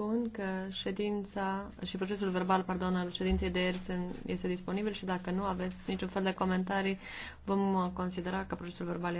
spun că ședința și procesul verbal, pardon, al ședinței de ieri este disponibil și dacă nu aveți niciun fel de comentarii, vom considera că procesul verbal